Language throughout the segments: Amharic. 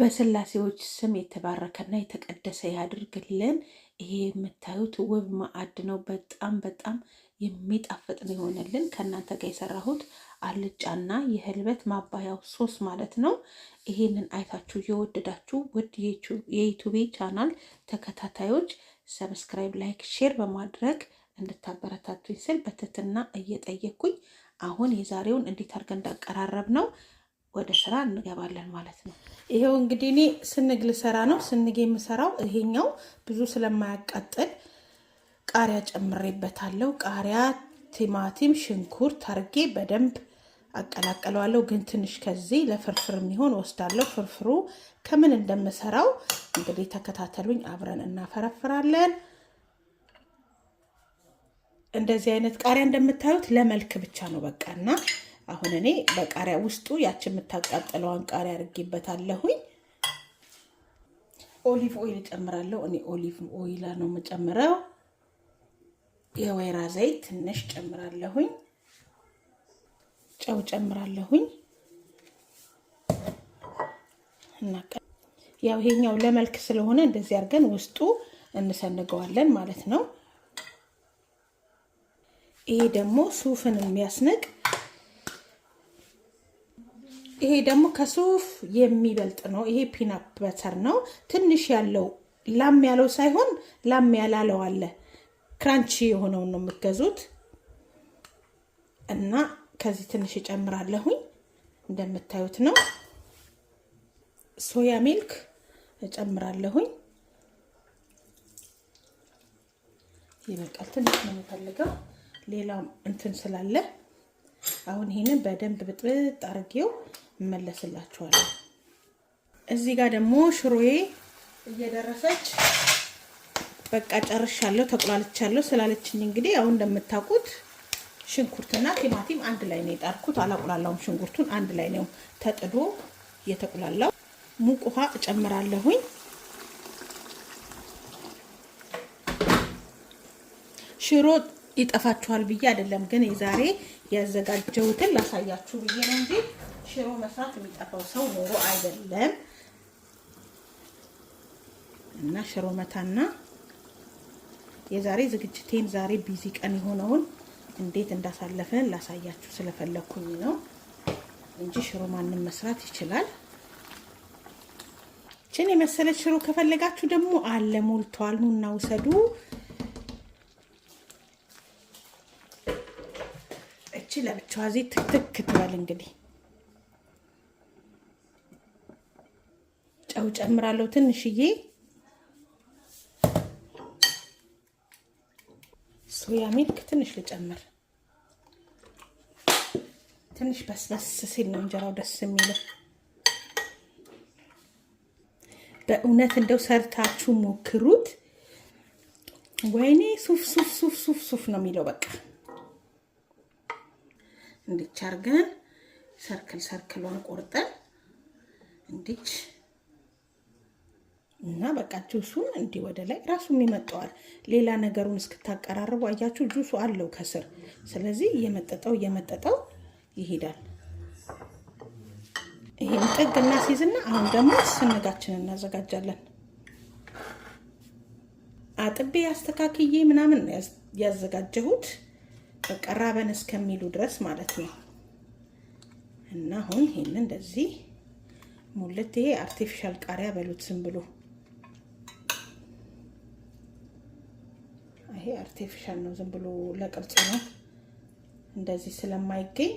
በስላሴዎች ስም የተባረከና የተቀደሰ ያድርግልን። ይሄ የምታዩት ውብ ማዕድ ነው። በጣም በጣም የሚጣፍጥ ነው የሆነልን። ከእናንተ ጋር የሰራሁት አልጫና የህልበት ማባያው ሶስ ማለት ነው። ይሄንን አይታችሁ የወደዳችሁ ውድ የዩቱቤ ቻናል ተከታታዮች ሰብስክራይብ፣ ላይክ፣ ሼር በማድረግ እንድታበረታቱኝ ስል በትህትና እየጠየኩኝ አሁን የዛሬውን እንዴት አድርገን እንዳቀራረብ ነው ወደ ስራ እንገባለን ማለት ነው። ይሄው እንግዲህ እኔ ስንግ ልሰራ ነው። ስንግ የምሰራው ይሄኛው ብዙ ስለማያቃጥል ቃሪያ ጨምሬበታለሁ። ቃሪያ፣ ቲማቲም፣ ሽንኩርት አርጌ በደንብ አቀላቀለዋለሁ። ግን ትንሽ ከዚህ ለፍርፍር የሚሆን ወስዳለሁ። ፍርፍሩ ከምን እንደምሰራው እንግዲህ ተከታተሉኝ፣ አብረን እናፈረፍራለን። እንደዚህ አይነት ቃሪያ እንደምታዩት ለመልክ ብቻ ነው በቃ እና አሁን እኔ በቃሪያ ውስጡ ያች የምታቃጥለዋን ቃሪያ አድርጌበታለሁኝ። ኦሊቭ ኦይል እጨምራለሁ። እኔ ኦሊቭ ኦይል ነው የምጨምረው። የወይራ ዘይት ትንሽ ጨምራለሁኝ። ጨው ጨምራለሁኝ። ያው ይሄኛው ለመልክ ስለሆነ እንደዚህ አድርገን ውስጡ እንሰንገዋለን ማለት ነው። ይሄ ደግሞ ሱፍን የሚያስንቅ ይሄ ደግሞ ከሱፍ የሚበልጥ ነው። ይሄ ፒናፕ በተር ነው። ትንሽ ያለው ላም ያለው ሳይሆን ላም ያላለው አለ። ክራንቺ የሆነውን ነው የምትገዙት እና ከዚህ ትንሽ እጨምራለሁኝ። እንደምታዩት ነው። ሶያ ሚልክ እጨምራለሁኝ። ይበቃል። ትንሽ ነው የምፈልገው ሌላም እንትን ስላለ አሁን ይሄንን በደንብ ብጥብጥ አርጌው እመለስላችኋለሁ። እዚህ ጋር ደግሞ ሽሮዬ እየደረሰች በቃ ጨርሻለሁ፣ ተቁላልቻለሁ ስላለችኝ እንግዲህ አሁን እንደምታውቁት ሽንኩርትና ቲማቲም አንድ ላይ ነው የጣርኩት። አላቁላላውም። ሽንኩርቱን አንድ ላይ ነው ተጥዶ የተቁላላው። ሙቅ ውሃ እጨምራለሁኝ። ሽሮ ይጠፋችኋል ብዬ አይደለም፣ ግን የዛሬ ያዘጋጀሁትን ላሳያችሁ ብዬ ነው እንጂ ሽሮ መስራት የሚጠፋው ሰው ኖሮ አይደለም። እና ሽሮ መታና የዛሬ ዝግጅቴን ዛሬ ቢዚ ቀን የሆነውን እንዴት እንዳሳለፈን ላሳያችሁ ስለፈለኩኝ ነው እንጂ ሽሮ ማንም መስራት ይችላል። ችን የመሰለች ሽሮ ከፈለጋችሁ ደግሞ አለ ሞልቷል፣ ኑና ውሰዱ። እቺ ለብቻዋ ዜ ትክትክ ትበል እንግዲህ ጨው ጨምራለሁ ትንሽዬ ሶያ ሚልክ ትንሽ ልጨምር። ትንሽ በስበስ ሲል ነው እንጀራው ደስ የሚለው። በእውነት እንደው ሰርታችሁ ሞክሩት። ወይኔ ሱፍ ሱፍ ሱፍ ሱፍ ሱፍ ነው የሚለው። በቃ እንዲች አርገን ሰርክል ሰርክሏን ቆርጠን እንዲች እና በቃ ጁሱን እንዲህ ወደ ላይ ራሱም ይመጠዋል። ሌላ ነገሩን እስክታቀራርቡ አያችሁ፣ ጁሱ አለው ከስር። ስለዚህ እየመጠጠው እየመጠጠው ይሄዳል። ይህም ጥግ እናስይዝና አሁን ደግሞ ስንጋችንን እናዘጋጃለን። አጥቤ አስተካክዬ ምናምን ያዘጋጀሁት በቀራበን እስከሚሉ ድረስ ማለት ነው። እና አሁን ይህን እንደዚህ ሙልት፣ ይሄ አርቲፊሻል ቃሪያ በሉት ዝም ብሎ ይሄ አርቴፊሻል ነው፣ ዝም ብሎ ለቅርጽ ነው። እንደዚህ ስለማይገኝ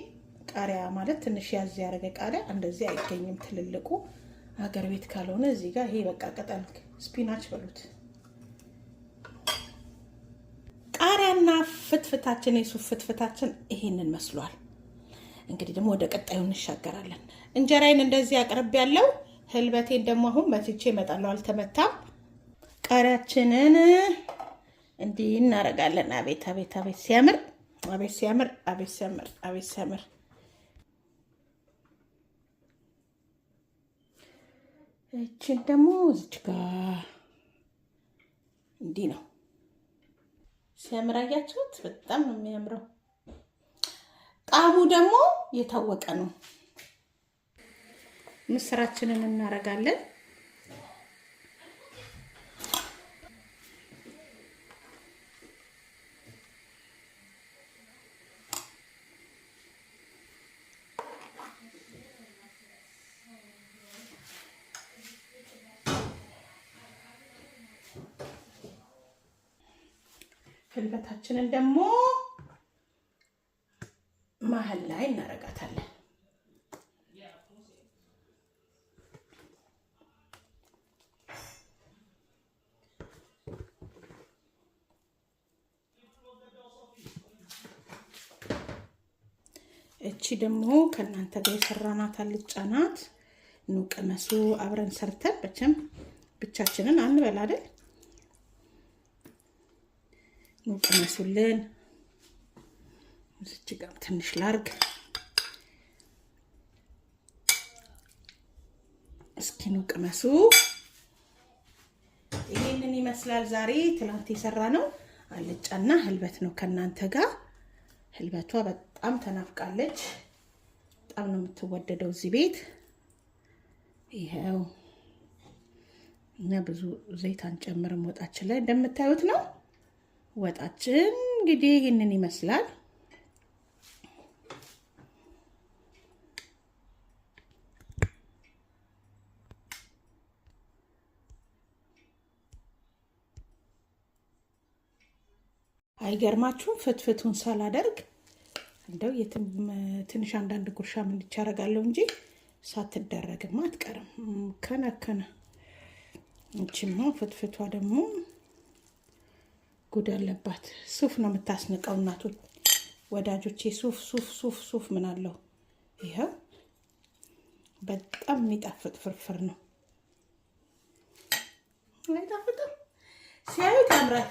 ቃሪያ ማለት ትንሽ ያዝ ያደረገ ቃሪያ እንደዚህ አይገኝም። ትልልቁ ሀገር ቤት ካልሆነ እዚህ ጋር ይሄ በቃ ቅጠል ስፒናች በሉት። ቃሪያና ፍትፍታችን የሱፍ ፍትፍታችን ይሄንን መስሏል። እንግዲህ ደግሞ ወደ ቀጣዩ እንሻገራለን። እንጀራዬን እንደዚህ አቅርብ ያለው ህልበቴን ደግሞ አሁን መትቼ እመጣለሁ። አልተመታም ቃሪያችንን እንዲህ እናደርጋለን። አቤት አቤት አቤት ሲያምር አቤት ሲያምር አቤት ሲያምር አቤት ሲያምር እችን ደግሞ እዚች ጋ እንዲህ ነው ሲያምር። አያችሁት? በጣም ነው የሚያምረው። ጣቡ ደግሞ የታወቀ ነው። ምስራችንን እናደርጋለን። ፍልበታችንን ደግሞ መሀል ላይ እናረጋታለን። እቺ ደግሞ ከእናንተ ጋር የሰራናት አልጫ ናት። አብረን ሰርተን። በቸም ብቻችንን አንበላ አይደል? ቅመሱልን። እዚች ጋር ትንሽ ላርግ እስኪኑ ቅመሱ። ይህንን ይመስላል ዛሬ ትናንት የሰራ ነው አልጫና ህልበት ነው ከእናንተ ጋር። ህልበቷ በጣም ተናፍቃለች። በጣም ነው የምትወደደው እዚህ ቤት። ይኸው እኛ ብዙ ዘይት አንጨምርም ወጣችን ላይ እንደምታዩት ነው። ወጣችን እንግዲህ ይህንን ይመስላል። አይገርማችሁም? ፍትፍቱን ሳላደርግ እንደው ትንሽ አንዳንድ ጉርሻ ምን አደርጋለሁ እንጂ ሳትደረግማ አትቀርም። ከነከነ እችማ ፍትፍቷ ደግሞ ጉድ አለባት። ሱፍ ነው የምታስንቀው እናቱ። ወዳጆቼ ሱፍ ሱፍ ሱፍ ሱፍ ምን አለው? ይኸው በጣም የሚጣፍጥ ፍርፍር ነው። አይጣፍጥም? ሲያዩት ያምራል።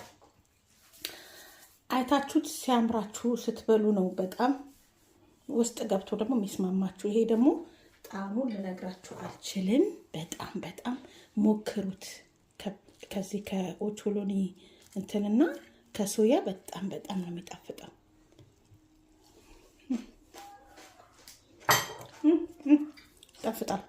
አይታችሁት ሲያምራችሁ ስትበሉ ነው በጣም ውስጥ ገብቶ ደግሞ የሚስማማችሁ። ይሄ ደግሞ ጣዕሙን ልነግራችሁ አልችልም። በጣም በጣም ሞክሩት ከዚህ ከኦቾሎኒ እንትንና ከሶያ በጣም በጣም ነው የሚጣፍጠው። ይጣፍጣል።